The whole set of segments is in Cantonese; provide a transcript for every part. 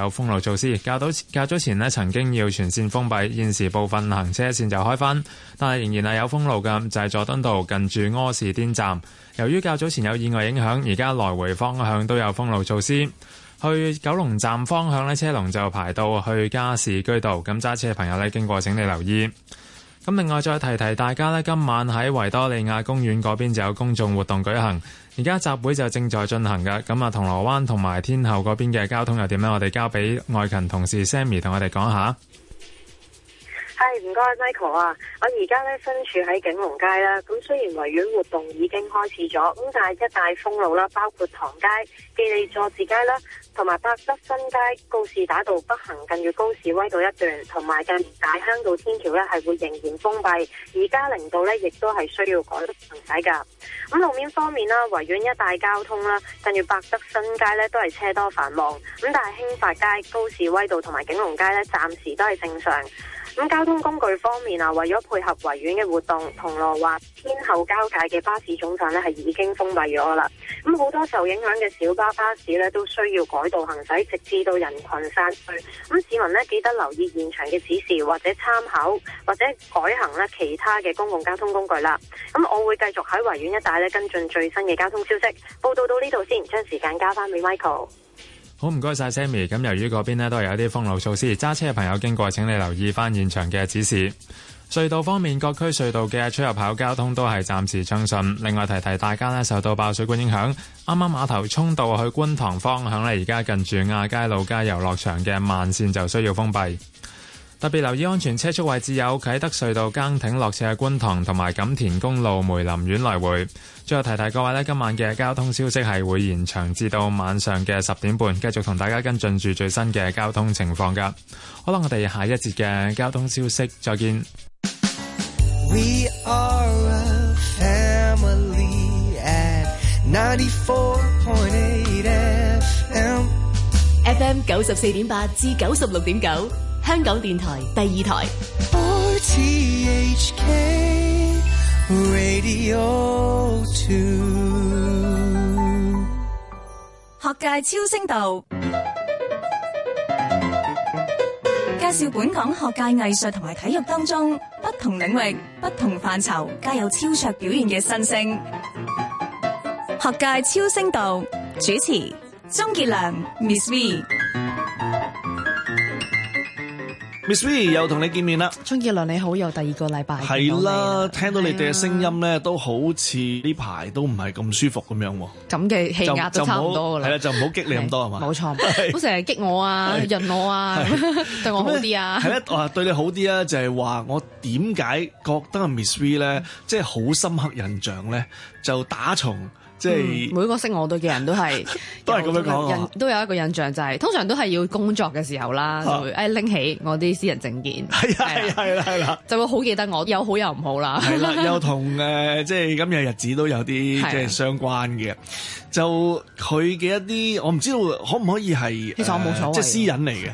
有封路措施，較早較早前呢，曾經要全綫封閉，現時部分行車綫就開返，但係仍然係有封路嘅，就係、是、佐敦道近住柯士甸站。由於較早前有意外影響，而家來回方向都有封路措施。去九龍站方向呢，車龍就排到去加士居道，咁揸車嘅朋友呢，經過請你留意。咁另外再提提大家呢，今晚喺維多利亞公園嗰邊就有公眾活動舉行。而家集會就正在進行噶，咁啊，銅鑼灣同埋天后嗰邊嘅交通又點呢？我哋交俾外勤同事 Sammy 同我哋講下。.唔該，Michael 啊！我而家咧身處喺景隆街啦。咁雖然維園活動已經開始咗，咁但係一帶封路啦，包括唐街、紀利佐治街啦，同埋百德新街、高士打道北行近住高士威道一段，同埋近大坑道天橋咧係會仍然封閉。而嘉寧道咧亦都係需要改行駛噶。咁路面方面啦，維園一帶交通啦，近住百德新街咧都係車多繁忙。咁但係興發街、高士威道同埋景隆街咧，暫時都係正常。咁交通工具方面啊，為咗配合維園嘅活動，銅鑼灣天后交界嘅巴士總站咧係已經封閉咗啦。咁好多受影響嘅小巴巴士咧都需要改道行駛，直至到人群散去。市民咧記得留意現場嘅指示，或者參考或者改行咧其他嘅公共交通工具啦。咁我會繼續喺維園一帶咧跟進最新嘅交通消息。報道到呢度先，將時間交翻畀 Michael。好唔該晒 Sammy，咁由於嗰邊咧都係有啲封路措施，揸車嘅朋友經過，請你留意翻現場嘅指示。隧道方面，各區隧道嘅出入口交通都係暫時暢順。另外提提大家咧，受到爆水管影響，啱啱馬頭涌道去觀塘方向咧，而家近住亞皆老街遊樂場嘅慢綫就需要封閉。特別留意安全車速位置有啟德隧道、崗頂、落斜、觀塘同埋錦田公路梅林苑來回。最後提提各位咧，今晚嘅交通消息係會延長至到晚上嘅十點半，繼續同大家跟進住最新嘅交通情況噶。好啦，我哋下一節嘅交通消息再見。We are a family at 94.8 FM。FM 九十四點八至九十六點九。香港電台第二台，RTHK Radio 2，學界超聲道介紹本港學界、藝術同埋體育當中不同領域、不同範疇皆有超卓表現嘅新星。學界超聲道主持鍾傑良，Miss V。Ms V 又同你見面啦，鍾傑良，你好，又第二個禮拜係啦，聽到你哋嘅聲音咧，都好似呢排都唔係咁舒服咁樣喎。咁嘅氣壓都差唔多嘅啦，係啦，就唔好激你咁多係嘛，冇錯，唔好成日激我啊，潤我啊，對我好啲啊，係咧，啊，對你好啲啊，就係話我點解覺得 Ms V 咧，即係好深刻印象咧，就打從。即係、嗯、每個識我對嘅人都係 都係咁樣講，人都有一個印象就係、是、通常都係要工作嘅時候啦，啊、就會拎起我啲私人證件，係啦係啦係啦， 就會好記得我，有好有唔好啦，係啦，又同誒即係今日日子都有啲即係相關嘅，的就佢嘅一啲我唔知道可唔可以係其實我冇所謂即係、呃就是、私隱嚟嘅。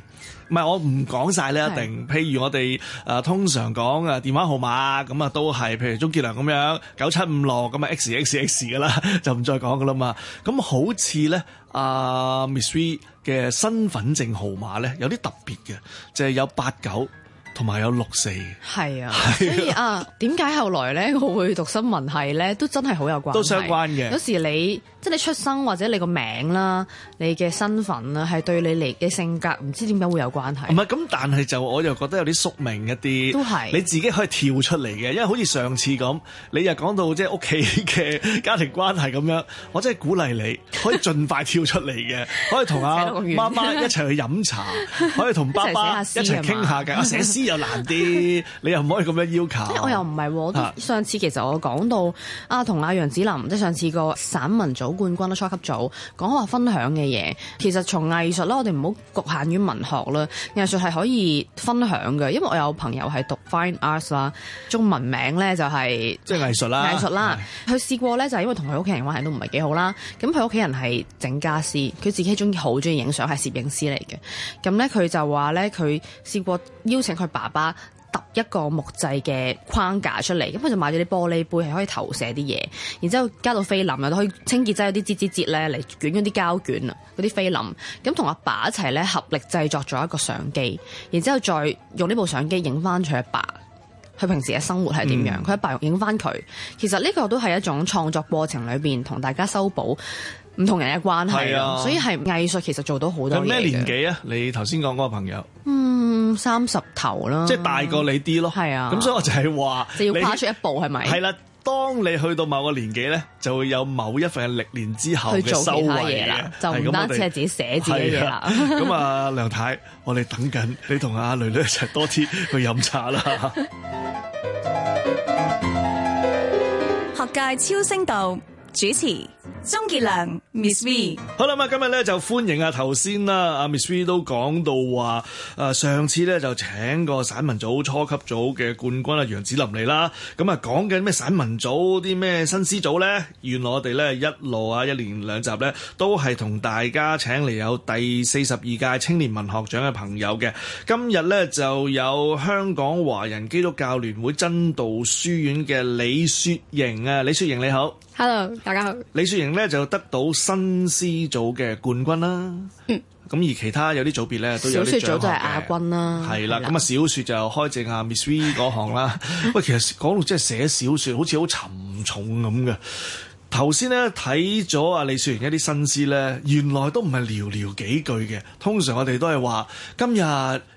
唔係我唔講晒呢一定。是的 譬如我哋誒、呃、通常講嘅電話號碼，咁啊都係譬如鍾傑良咁樣九七五六咁啊 X X X 嘅啦， 就唔再講嘅啦嘛。咁好似咧阿 Miss V 嘅身份證號碼咧，有啲特別嘅，就係、是、有八九同埋有六四。係啊，所以啊，點解後來咧我會讀新聞系咧，都真係好有關。都相關嘅。有時你。即係你出生或者你個名啦，你嘅身份啊，係對你嚟嘅性格唔知點解會有關係，唔係咁，但係就我又覺得有啲宿命一啲。都係是你自己可以跳出嚟嘅，因為好似上次咁，你又講到即係屋企嘅家庭關係咁樣，我真係鼓勵你可以盡快跳出嚟嘅， 可以同阿媽媽一齊去飲茶， 可以同爸爸一齊傾下偈。寫詩又難啲， 你又唔可以咁樣要求。即係我又唔係，喎，上次其實我講到啊，同阿楊子琳即係上次個散文組。冠軍啦，初級組講話分享嘅嘢，其實從藝術咧，我哋唔好局限於文學啦。藝術係可以分享嘅，因為我有個朋友係讀 fine arts 啦，中文名咧就係即係藝術啦，藝術啦。佢試過咧，就係因為同佢屋企人關係都唔係幾好啦。咁佢屋企人係整家私，佢自己中意好中意影相，係攝影師嚟嘅。咁咧，佢就話咧，佢試過邀請佢爸爸。揼一個木製嘅框架出嚟，咁佢就買咗啲玻璃杯，係可以投射啲嘢，然之後加到菲林，又可以清潔劑有啲吱吱吱咧嚟捲嗰啲膠卷啊，嗰啲菲林，咁同阿爸一齊咧合力製作咗一個相機，然之後再用呢部相機影翻佢阿爸，佢平時嘅生活係點樣？佢阿爸又影翻佢，其實呢個都係一種創作過程裏邊同大家修補唔同人嘅關係咯。啊、所以係藝術其實做到好多。你咩年紀啊？你頭先講嗰個朋友。嗯三十頭啦，即係大過你啲咯，係啊，咁所以我就係話，就要跨出一步係咪？係啦你，當你去到某個年紀咧，就會有某一份歷練之後嘅收穫嘅，就唔單止係自己寫字嘅啦。咁啊，啊，梁太，我哋等緊你同阿囡女一齊多啲去飲茶啦。 學界超聲道。主持鍾傑良 Miss Ms . V，好啦，咁啊，今日咧就歡迎啊頭先啦，啊 Miss V 都講到話，誒上次咧就請過散文組初級組嘅冠軍啊楊子林嚟啦，咁啊講緊咩散文組啲咩新詩組咧，原來我哋咧一路啊一連兩集咧都係同大家請嚟有第四十二屆青年文學獎嘅朋友嘅，今日咧就有香港華人基督教聯會真道書院嘅李雪凝啊，李雪凝你好，Hello。大家好，李雪凝咧就得到新詩組嘅冠軍啦。咁、嗯、而其他有啲組別咧都有獎嘅。小說組就亞軍啦。係啦了，咁啊了小說就開正啊 Miss V 嗰行啦。喂， 其實講到即係寫小說，好似好沉重咁嘅。頭先咧睇咗啊李雪凝一啲新詩咧，原來都唔係寥寥幾句嘅。通常我哋都係話今日。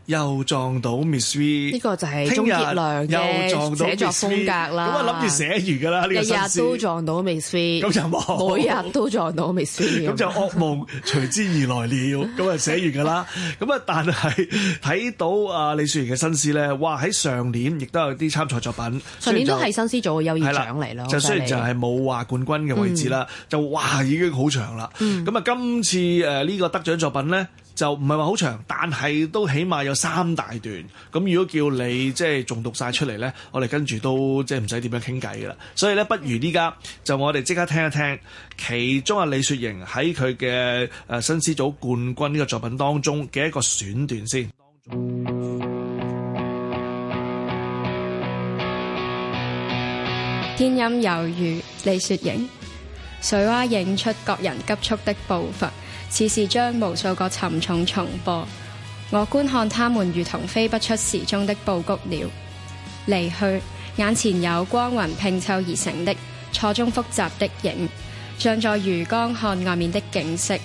又撞到 Miss V，呢個就係鍾傑良嘅寫作風格啦。咁啊諗住寫完噶啦，日日都撞到 Miss V，每日都撞到 Miss V，咁就噩夢隨之而來了。咁啊寫完噶啦，咁啊但係睇到啊李雪凝嘅新詩咧，哇喺上年亦都有啲參賽作品，上年都係新詩組嘅優異獎嚟咯，就雖然就係冇話冠軍嘅位置啦，就哇已經好長啦。咁啊今次誒呢個得獎作品咧，就唔係話好長，但係都起碼有三大段。咁如果叫你即係重讀晒出嚟咧，我哋跟住都即係唔使點樣傾偈嘅啦。所以咧，不如呢家就我哋即刻聽一聽其中阿李雪瑩喺佢嘅《誒新詩組冠軍呢個作品當中嘅一個選段先。天陰猶如李雪瑩，水花映出各人急促的步伐。似是將無數個沉重重播，我觀看他們如同飛不出時鐘的布谷鳥離去。眼前有光暈拼湊而成的錯綜複雜的影，像在魚缸看外面的景色，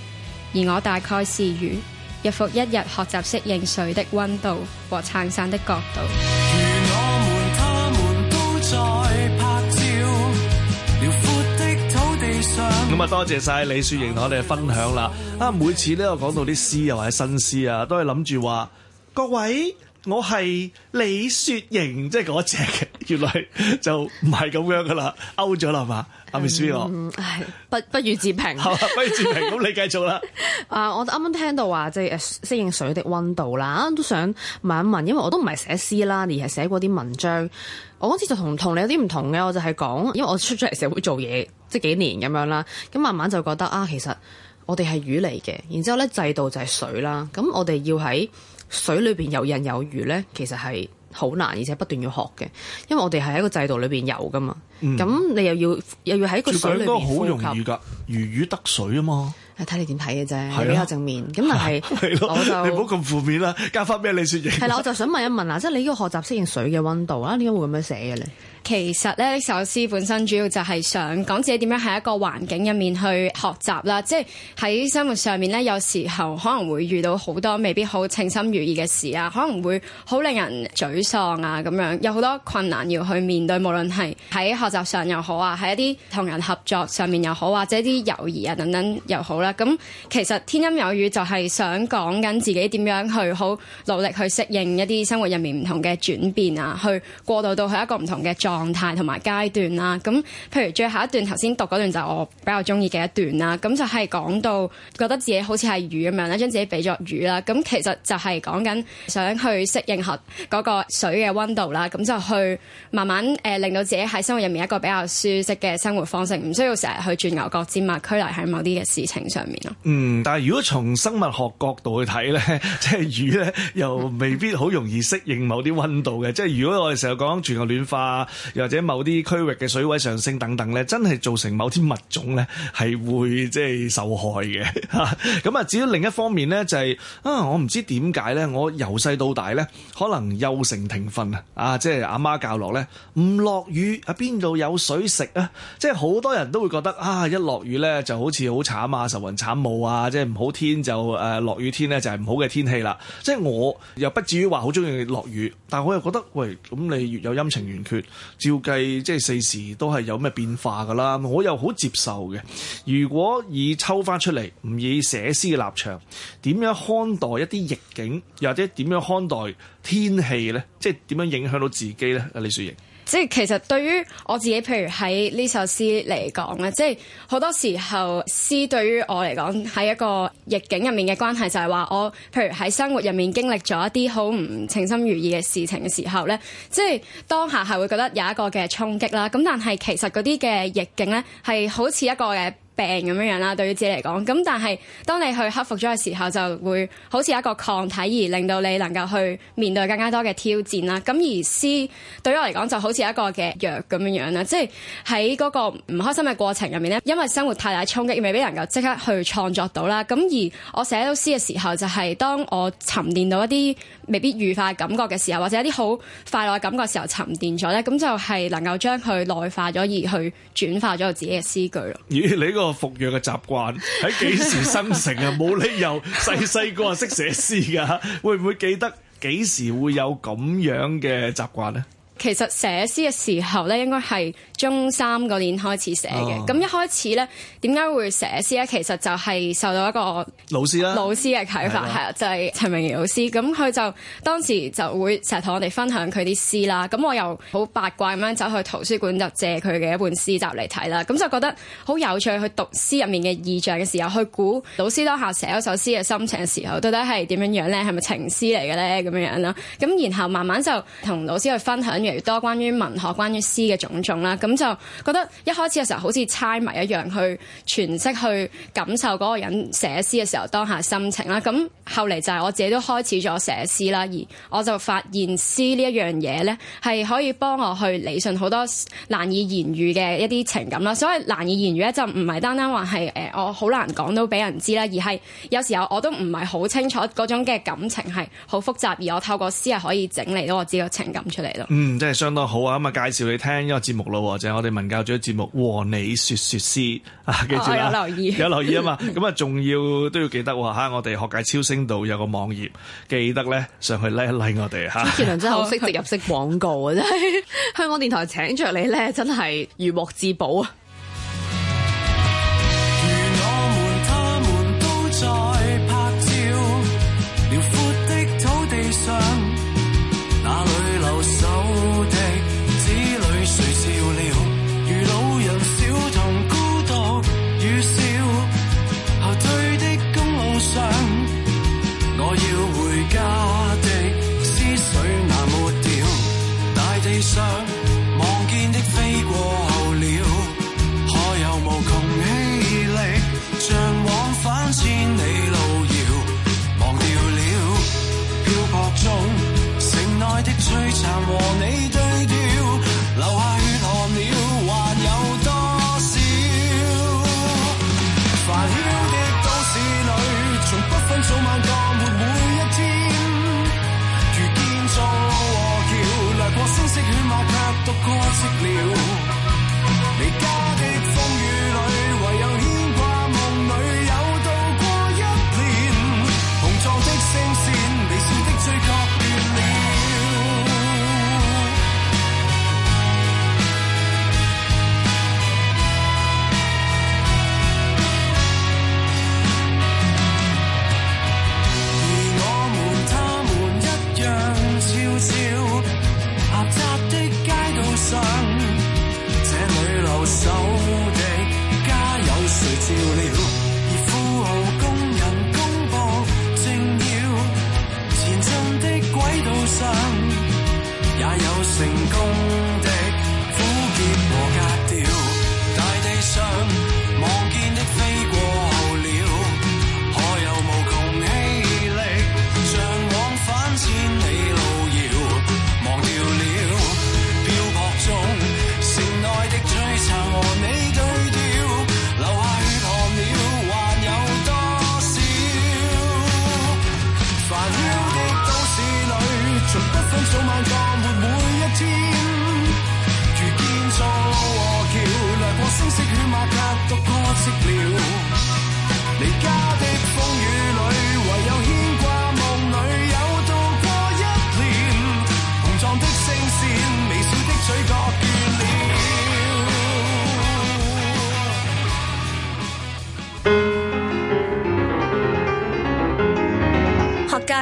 而我大概是魚，日復一日學習適應水的溫度和撐傘的角度。咁啊，多謝晒李雪凝同我哋分享啦！啊，每次咧我講到啲詩又或者新詩啊，都係諗住話各位，我係李雪凝，即係嗰隻嘅，原來就唔係咁樣噶啦，勾咗啦嘛。我咪輸我，唉 不不如自評，好，不如截屏。咁你繼續啦。啊，我啱啱聽到話即係適應水的溫度啦，都想問一問，因為我都唔係寫詩啦，而係寫過啲文章。我嗰次就同同你有啲唔同嘅，我就係講，因為我出咗嚟社會做嘢即係幾年咁樣啦，咁慢慢就覺得啊，其實我哋係魚嚟嘅，然之後咧制度就係水啦，咁我哋要喺水裏邊游刃有餘咧，其實係。好難，而且不斷要學嘅，因為我哋係喺個制度裏邊有噶嘛。咁、嗯、你又要又要喺個水裏邊呼吸，好容易噶，如魚得水啊嘛。誒、啊，睇你點睇嘅啫，比較、啊、正面。咁但係 我就 你唔好咁負面啦，加翻咩李雪凝。係啦， 我就想問一問啊，即係你呢個學習適應水嘅溫度啊，點解會咁樣寫嘅咧？其實咧，首詩本身主要就係想講自己點樣喺一個環境入面去學習啦。即係喺生活上面咧，有時候可能會遇到好多未必好稱心如意嘅事啊，可能會好令人沮喪啊咁樣，有好多困難要去面對，無論係喺學習上又好啊，喺一啲同人合作上面又好，或者啲友誼啊等等又好啦。咁其實天陰有雨就係想講緊自己點樣去好努力去適應一啲生活入面唔同嘅轉變啊，去過渡到去一個唔同嘅狀態。狀態同埋階段啦，咁譬如最後一段頭先讀嗰段就係我比較中意嘅一段啦，咁就係講到覺得自己好似係魚咁樣咧，將自己比作魚啦，咁其實就係講緊想去適應下嗰個水嘅溫度啦，咁就去慢慢誒、呃、令到自己喺生活入面一個比較舒適嘅生活方式，唔需要成日去鑽牛角尖啊，拘泥喺某啲嘅事情上面咯。嗯，但係如果從生物學角度去睇咧， 即係魚咧又未必好容易適應某啲溫度嘅， 即係如果我哋成日講全球暖化。或者某啲區域嘅水位上升等等咧，真係造成某啲物種咧係會即係受害嘅。咁啊，至於另一方面咧，就係、是、啊，我唔知點解咧，我由細到大咧，可能幼承庭訓，啊，啊，即係阿、啊、媽教落咧，唔落雨啊，邊度有水食啊？即係好多人都會覺得啊，一落雨咧就好似好慘啊，愁雲慘霧啊，即係唔好天就誒落、啊、雨天咧就係、是、唔好嘅天氣啦。即係我又不至於話好中意落雨，但係我又覺得喂，咁你越有陰晴圓缺。照計即係四時都係有咩變化㗎啦，我又好接受嘅。如果以抽翻出嚟，唔以寫詩嘅立場，點樣看待一啲逆境，又或者點樣看待天氣呢？即係點樣影響到自己呢？李雪凝。即係其實對於我自己，譬如喺呢首詩嚟講咧，即係好多時候詩對於我嚟講喺一個逆境入面嘅關係就，就係話我譬如喺生活入面經歷咗一啲好唔稱心如意嘅事情嘅時候咧，即係當下係會覺得有一個嘅衝擊啦。咁但係其實嗰啲嘅逆境咧，係好似一個嘅。病咁樣樣啦，對於自己嚟講，咁但係當你去克服咗嘅時候，就會好似一個抗體，而令到你能夠去面對更加多嘅挑戰啦。咁而詩對於我嚟講，就好似一個嘅藥咁樣樣啦，即係喺嗰個唔開心嘅過程入面咧，因為生活太大衝擊，未必能夠即刻去創作到啦。咁而我寫到詩嘅時候，就係當我沉澱到一啲未必愉快感覺嘅時候，或者一啲好快樂嘅感覺時候沉澱咗咧，咁就係能夠將佢內化咗，而去轉化咗我自己嘅詩句咯。咦？你呢個個服藥嘅習慣喺幾時生成啊？冇 理由細細個啊識寫詩噶會唔會記得幾時會有咁樣嘅習慣咧？其實寫詩嘅時候咧，應該係。中三嗰年開始寫嘅，咁、Oh. 一開始呢，點解會寫詩呢？其實就係受到一個老師啦，老師嘅啟發，係的就係、是、陳明儀老師。咁佢就當時就會成日同我哋分享佢啲詩啦。咁我又好八卦咁樣走去圖書館就借佢嘅一本詩集嚟睇啦。咁就覺得好有趣去讀詩入面嘅意象嘅時候，去估老師當下寫一首詩嘅心情嘅時候，到底係點樣樣呢？係咪情詩嚟嘅呢？咁樣樣啦。咁然後慢慢就同老師去分享越嚟越多關於文學、關於詩嘅種種啦。咁就覺得一開始嘅時候好似猜謎一樣，去詮釋去感受嗰個人寫詩嘅時候當下心情啦。咁後嚟就係我自己都開始咗寫詩啦，而我就發現詩呢一樣嘢咧，係可以幫我去理順好多難以言語嘅一啲情感啦。所以難以言語咧，就唔係單單話係誒我好難講到俾人知啦，而係有時候我都唔係好清楚嗰種嘅感情係好複雜，而我透過詩係可以整理到我自己嘅情感出嚟咯。嗯，真係相當好啊！咁啊，介紹你聽呢個節目咯。就係我哋文教組嘅節目《和你說說詩》啊，記住啦、啊，有留意啊嘛，咁啊，仲要都要記得吓、啊，我哋學界超聲度有個網頁，記得咧上去拉一拉我哋啊。傑良 真係好識植入式廣告啊，真係 香港電台請着你咧，真係如獲至寶啊！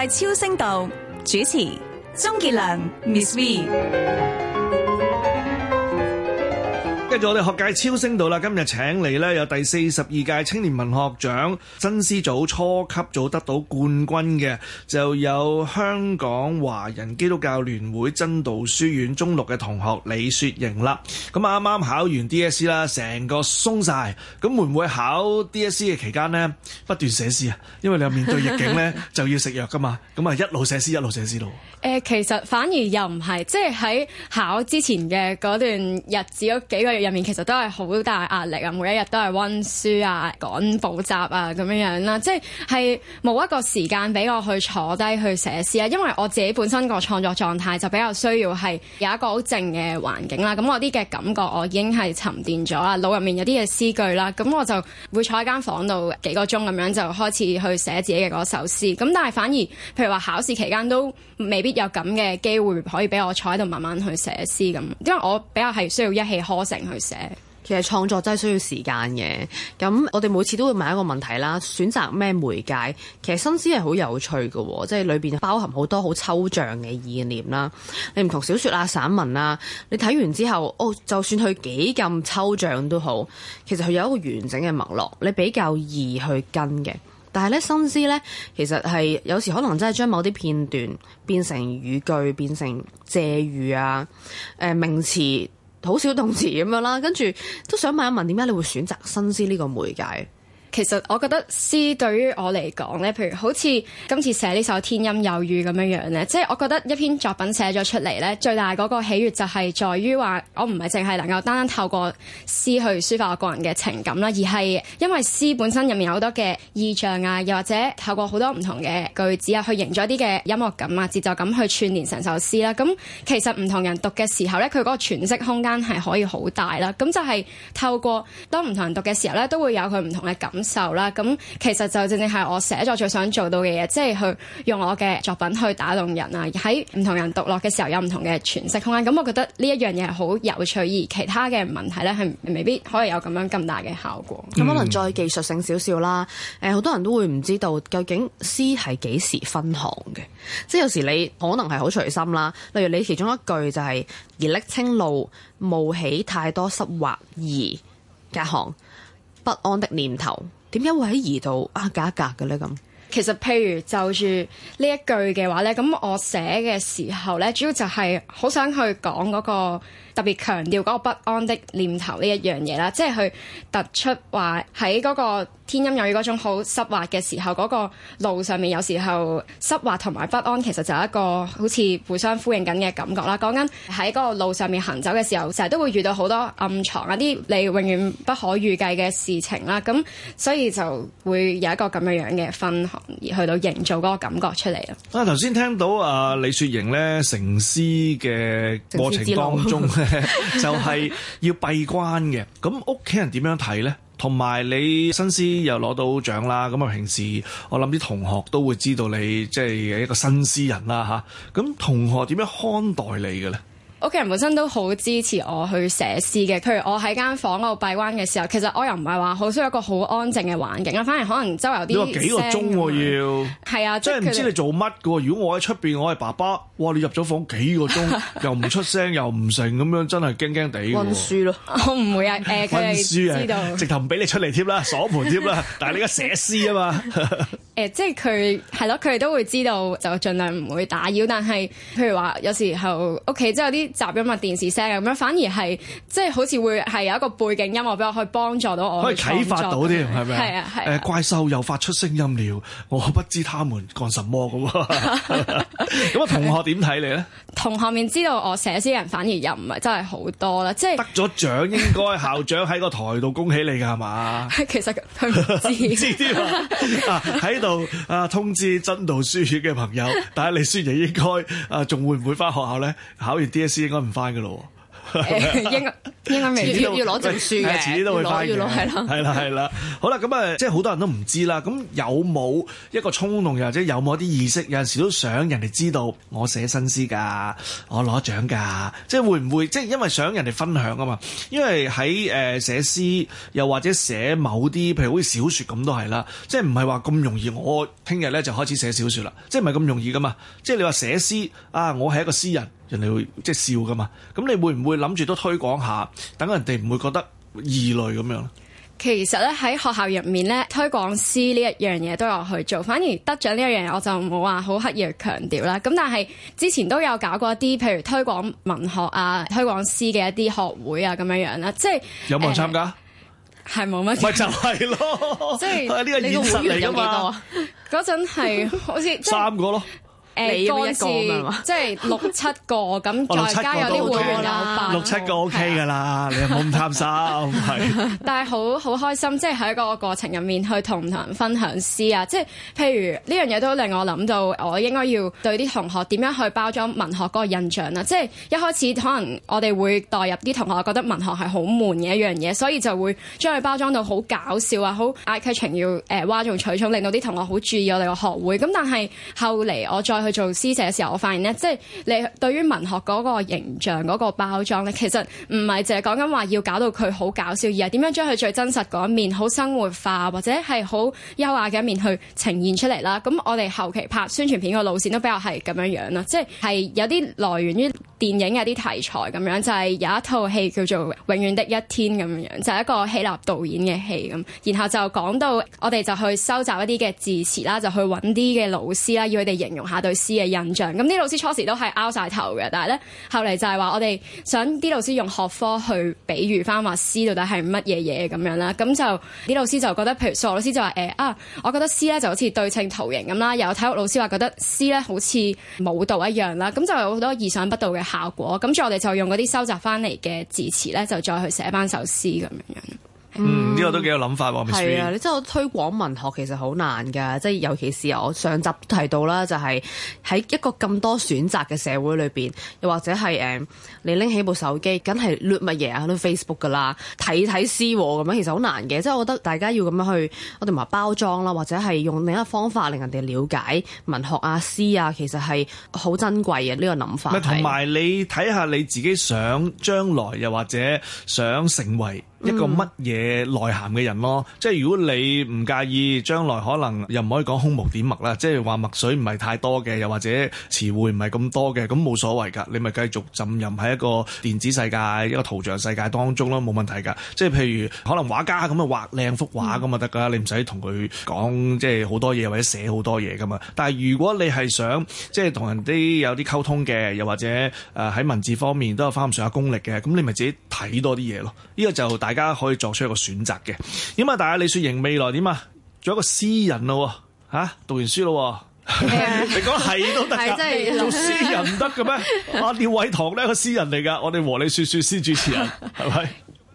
超聲道主持鍾傑良，Miss V。咁我哋學界超升到啦，今日請嚟咧有第四十二屆青年文學獎新詩組初級組得到冠軍嘅，就有香港華人基督教聯會真道書院中六嘅同學李雪瑩啦。咁啊啱啱考完 DSE 啦，成個鬆晒。咁會唔會考 DSE 嘅期間咧不斷寫詩啊？因為你有面對逆境咧就要食藥噶嘛。咁啊一路寫詩一路寫詩咯。誒，其實反而又唔係，即係喺考之前嘅嗰段日子嗰幾個月。入面其實都係好大壓力啊！每一日都係温書啊、趕補習啊咁樣樣啦，即係冇一個時間俾我去坐低去寫詩啊。因為我自己本身個創作狀態就比較需要係有一個好靜嘅環境啦。咁我啲嘅感覺我已經係沉澱咗啦，腦入面有啲嘅詩句啦，咁我就會坐喺間房度幾個鐘咁樣就開始去寫自己嘅嗰首詩。咁但係反而譬如話考試期間都未必有咁嘅機會可以俾我坐喺度慢慢去寫詩咁，因為我比較係需要一氣呵成寫，其實創作真係需要時間嘅，咁我哋每次都會問一個問題啦，選擇咩媒介？其實新詩係好有趣嘅，即係裏邊包含好多好抽象嘅意念啦。你唔同小說啊、散文啊，你睇完之後，哦，就算佢幾咁抽象都好，其實佢有一個完整嘅脈絡，你比較易去跟嘅。但係咧，新詩呢，其實係有時可能真係將某啲片段變成語句，變成借喻啊，誒、呃，名詞。好少動詞咁樣啦，跟住都想問一問，點解你會選擇新詩呢個媒介？其實我覺得詩對於我嚟講咧，譬如好似今次寫呢首《天陰有雨》咁樣樣咧，即係我覺得一篇作品寫咗出嚟咧，最大嗰個喜悅就係在於話，我唔係淨係能夠單單透過詩去抒發我個人嘅情感啦，而係因為詩本身入面有好多嘅意象啊，又或者透過好多唔同嘅句子啊，去形咗啲嘅音樂感啊、節奏感去串連成首詩啦。咁其實唔同人讀嘅時候咧，佢嗰個詮釋空間係可以好大啦。咁就係透過當唔同人讀嘅時候咧，都會有佢唔同嘅感受啦，咁其實就正正係我寫作最想做到嘅嘢，即係去用我嘅作品去打動人啊！喺唔同人讀落嘅時候，有唔同嘅詮釋空間。咁我覺得呢一樣嘢係好有趣，而其他嘅問題咧，係未必可以有咁樣咁大嘅效果。咁、嗯、可能再技術性少少啦。誒，好多人都會唔知道究竟詩係幾時分行嘅？即係有時你可能係好隨心啦，例如你其中一句就係而瀝青路，冒起太多濕滑，而隔行不安的念頭。點解會喺移度啊，夾一夾嘅咧咁？其實譬如就住呢一句嘅話咧，咁我寫嘅時候咧，主要就係好想去講嗰個。特別強調嗰個不安的念頭呢一樣嘢啦，即係佢突出話喺嗰個天陰有雨嗰種好濕滑嘅時候，嗰、嗰個路上面有時候濕滑同埋不安，其實就係一個好似互相呼應緊嘅感覺啦。講緊喺嗰個路上面行走嘅時候，成日都會遇到好多暗藏一啲你永遠不可預計嘅事情啦。咁所以就會有一個咁樣樣嘅分行而去到營造嗰個感覺出嚟咯、啊。啊，頭先聽到阿李雪凝呢成詩嘅過程當中， 就係要閉關嘅，咁屋企人點樣睇呢？同埋你新詩又攞到獎啦，咁啊平時我諗啲同學都會知道你即係、就是、一個新詩人啦吓，咁同學點樣看待你嘅呢？屋企人本身都好支持我去寫詩嘅，譬如我喺間房度閉關嘅時候，其實我又唔係話好需要一個好安靜嘅環境，我反而可能周圍有啲幾個鐘要係啊，即係唔知你做乜㗎。如果我喺出邊，我係爸爸，哇！你入咗房幾個鐘又唔出聲 又唔成咁樣，真係驚驚地嘅。溫書咯，我唔會啊。誒、呃，佢哋直頭唔俾你出嚟貼啦，鎖門添啦。但係你而家寫詩啊嘛。誒、 呃，即係佢係咯，佢哋都會知道，就盡量唔會打擾。但係譬如話有時候屋企真係有啲。集音啊，電視聲啊，咁樣反而係即係好似會係有一個背景音樂俾我去幫助到我，可以啟發到添，係咪啊？係啊，怪獸又發出聲音了，我不知他們幹什麼咁。咁啊，同學點睇你咧？同學面知道我寫詩人反而又唔係真係好多啦，即係得咗獎應該校長喺個台度恭喜你㗎係嘛？ 其實佢唔知， 知、啊，喺度 啊通知真道書院嘅朋友，但係李雪凝應該啊仲會唔會翻學校咧？考完 DSE。應該唔快噶咯，應應該未要攞證書，自己都會快嘅，係咯係啦係啦。好啦，咁誒，即係好多人都唔知啦。咁有冇一個衝動有有會會，又或者有冇一啲意識，有陣時都想人哋知道我寫新詩噶，我攞獎噶，即係會唔會即係因為想人哋分享啊嘛？因為喺誒寫詩，又或者寫某啲，譬如好似小說咁都係啦，即係唔係話咁容易。我聽日咧就開始寫小說啦，即係唔係咁容易噶嘛？即係你話寫詩啊，我係一個詩人。人哋會即係、就是、笑噶嘛？咁你會唔會諗住都推廣下，等人哋唔會覺得異類咁樣？其實咧喺學校入面咧，推廣詩呢一樣嘢都有去做，反而得獎呢一樣嘢我就冇話好刻意去強調啦。咁但係之前都有搞過一啲，譬如推廣文學啊、推廣詩嘅一啲學會啊咁樣樣啦，即係有冇人參加？係冇乜，咪 就係咯了，即係呢個會員有幾多啊？嗰陣係好似三個咯。誒，剛始即係六七個咁， 再加有啲會員啦，有八、六七個 OK 㗎啦， 你冇咁貪心係。 但係好好開心，即係喺個過程入面去同人分享詩啊！即係譬如呢樣嘢都令我諗到，我應該要對啲同學點樣去包裝文學嗰個印象啊。即係一開始可能我哋會代入啲同學覺得文學係好悶嘅一樣嘢，所以就會將佢包裝到好搞笑啊，好 eye catching 要誒嘩眾取寵，令到啲同學好注意我哋個學會。咁但係後嚟我再。去做施捨嘅時候，我發現咧，即係你對於文學嗰個形象嗰個包裝咧，其實唔係淨係講緊話要搞到佢好搞笑，而係點樣將佢最真實嗰一面，好生活化或者係好優雅嘅一面去呈現出嚟啦。咁我哋後期拍宣傳片嘅路線都比較係咁樣樣啦，即係係有啲來源於電影嘅啲題材咁樣，就係有一套戲叫做《永遠的一天》咁樣樣，就係一個希臘導演嘅戲咁，然後就講到我哋就去收集一啲嘅字詞啦，就去揾啲嘅老師啦，要佢哋形容下對。詩嘅印象，咁啲老師初時都係拗晒頭嘅，但係咧後嚟就係話我哋想啲老師用學科去比喻翻話詩到底係乜嘢嘢咁樣啦，咁就啲老師就覺得，譬如數學老師就話誒、欸、啊，我覺得詩咧就好似對稱圖形咁啦，又有體育老師話覺得詩咧好似舞蹈一樣啦，咁就有好多意想不到嘅效果，咁所以我哋就用嗰啲收集翻嚟嘅字詞咧，就再去寫翻首詩咁樣樣。嗯，呢、嗯、個都幾有諗法喎。係啊，你真係推廣文學其實好難㗎，即係尤其是我上集提到啦，就係、是、喺一個咁多選擇嘅社會裏邊，又或者係誒、um, 你拎起部手機，梗係攣乜嘢喺度 Facebook 㗎啦，睇睇詩喎咁樣，其實好難嘅。即係我覺得大家要咁樣去，我哋話包裝啦，或者係用另一個方法令人哋了解文學啊、詩啊，其實係好珍貴嘅呢、這個諗法。同埋你睇下你自己想將來又或者想成為。一個乜嘢內涵嘅人咯，即係如果你唔介意將來可能又唔可以講胸無點墨啦，即係話墨水唔係太多嘅，又或者詞彙唔係咁多嘅，咁冇所謂噶，你咪繼續浸淫喺一個電子世界、一個圖像世界當中咯，冇問題噶。即係譬如可能畫家咁啊，畫靚幅畫咁咪得噶，你唔使同佢講即係好多嘢或者寫好多嘢噶嘛。但係如果你係想即係同人哋有啲溝通嘅，又或者誒喺、呃、文字方面都有翻上下功力嘅，咁你咪自己睇多啲嘢咯。呢、這個就大大家可以作出一個選擇嘅，點啊，大家李雪凝未來點啊？做一個詩人咯，吓讀完書咯，Yeah. 你講係都得噶， 做詩人唔得嘅咩？阿廖偉棠咧，個詩人嚟噶，我哋和你說說詩主持人係咪？ 吧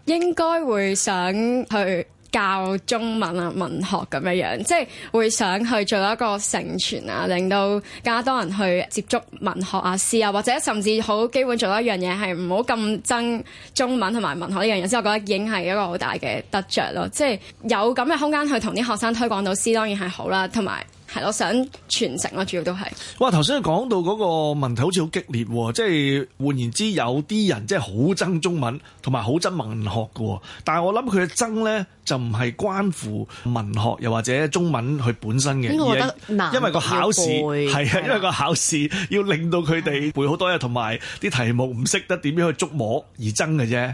應該會想去。教中文啊，文學咁樣樣，即係會想去做一個承傳啊，令到更加多人去接觸文學啊詩啊，或者甚至好基本做一樣嘢係唔好咁憎中文同埋文學呢樣嘢，所以我覺得已經係一個好大嘅得着咯。即係有咁嘅空間去同啲學生推廣到詩，當然係好啦，同埋。係咯，我想傳承咯，主要都係。哇，頭先講到嗰個問題，好似好激烈喎！即係換言之，有啲人即係好憎中文，同埋好憎文學㗎。但係我諗佢嘅憎咧，就唔係關乎文學，又或者中文佢本身嘅嘢背。因為個考試係啊，因為個考試要令到佢哋背好多嘢，同埋啲題目唔識得點樣去捉摸而憎嘅啫。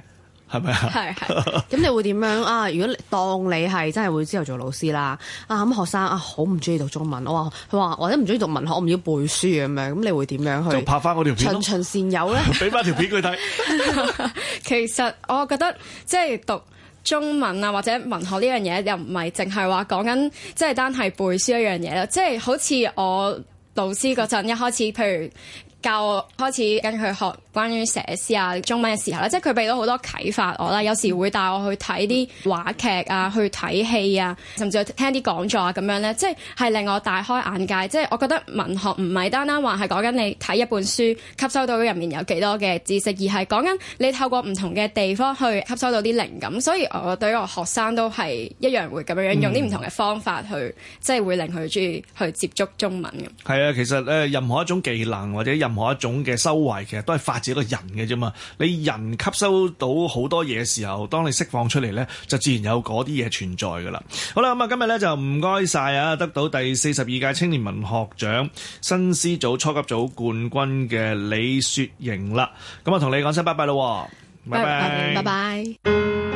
係咪啊？係係。咁是是 你會點樣啊？如果你當你係真係會之後做老師啦，啊咁學生啊好唔中意讀中文，我話佢話或者唔中意讀文學，我唔要背書咁樣，咁你會點樣去？就拍翻我條片咯。循循善誘咧，俾翻 條片佢睇。其實我覺得即係、就是、讀中文啊，或者文學呢樣嘢又唔係淨係話講緊即係單係背書一樣嘢咯。即、就、係、是、好似我老師嗰陣一開始，譬如。教我開始跟佢學關於寫詩啊中文嘅時候咧，即係佢俾咗好多啟發我啦。有時會帶我去睇啲話劇啊，去睇戲啊，甚至係聽啲講座啊，咁樣咧，即係係令我大開眼界。即係我覺得文學唔係單單話係講緊你睇一本書吸收到入面有幾多嘅知識，而係講緊你透過唔同嘅地方去吸收到啲靈感。所以我對我學生都係一樣會咁樣用啲唔同嘅方法去，嗯、即係會令佢中意去接觸中文咁。係啊，其實誒、呃、任何一種技能或者任.我一種嘅收穫，其實都係發展一個人嘅啫嘛。你人吸收到好多嘢時候，當你釋放出嚟呢，就自然有嗰啲嘢存在噶啦。好啦，咁啊，今日呢，就唔該晒啊，得到第四十二屆青年文學獎新詩組初級組冠軍嘅李雪凝啦。咁啊，同你講聲拜拜啦，拜拜，拜拜。拜拜拜拜。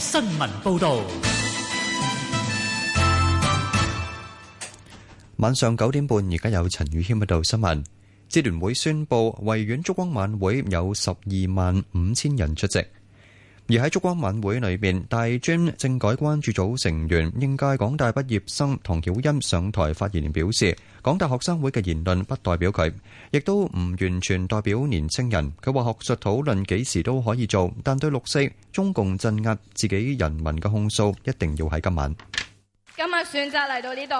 新聞報道。晚上九點半，而家有陳宇謙報道新聞。支聯會宣布，維園燭光晚會有十二萬五千人出席。而喺燭光晚會裏邊，大專政改關注組成員應屆港大畢業生唐曉欣上台發言表示：港大學生會嘅言論不代表佢，亦都唔完全代表年輕人。佢話學術討論幾時都可以做，但對六四中共鎮壓自己人民嘅控訴，一定要喺今晚。今日選擇嚟到呢度，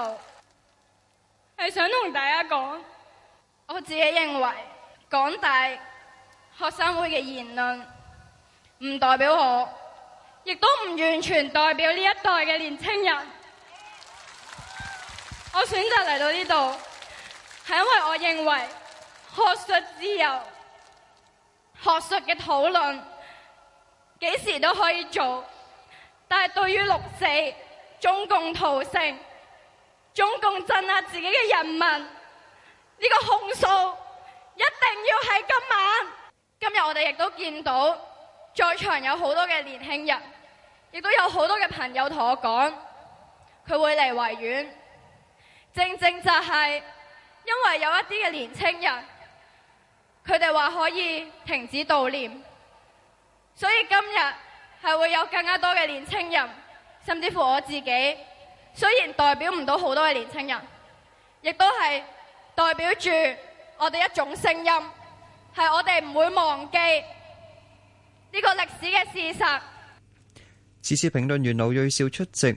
係想同大家講，我自己認為港大學生會嘅言論。唔代表我，亦都唔完全代表呢一代嘅年青人。 我選擇嚟到呢度，係因為我認為學術自由、學術嘅討論幾時都可以做，但係對於六四、中共屠城、中共鎮壓自己嘅人民呢個控訴一定要喺今晚。今日我哋亦都見到。在場有好多嘅年輕人，亦都有好多嘅朋友同我講，佢會嚟維園。正正就係因為有一啲嘅年輕人，佢哋話可以停止悼念，所以今日係會有更加多嘅年輕人，甚至乎我自己，雖然代表唔到好多嘅年輕人，亦都係代表住我哋一種聲音，係我哋唔會忘記。呢個歷史嘅事實。時事評論員盧瑞兆出席。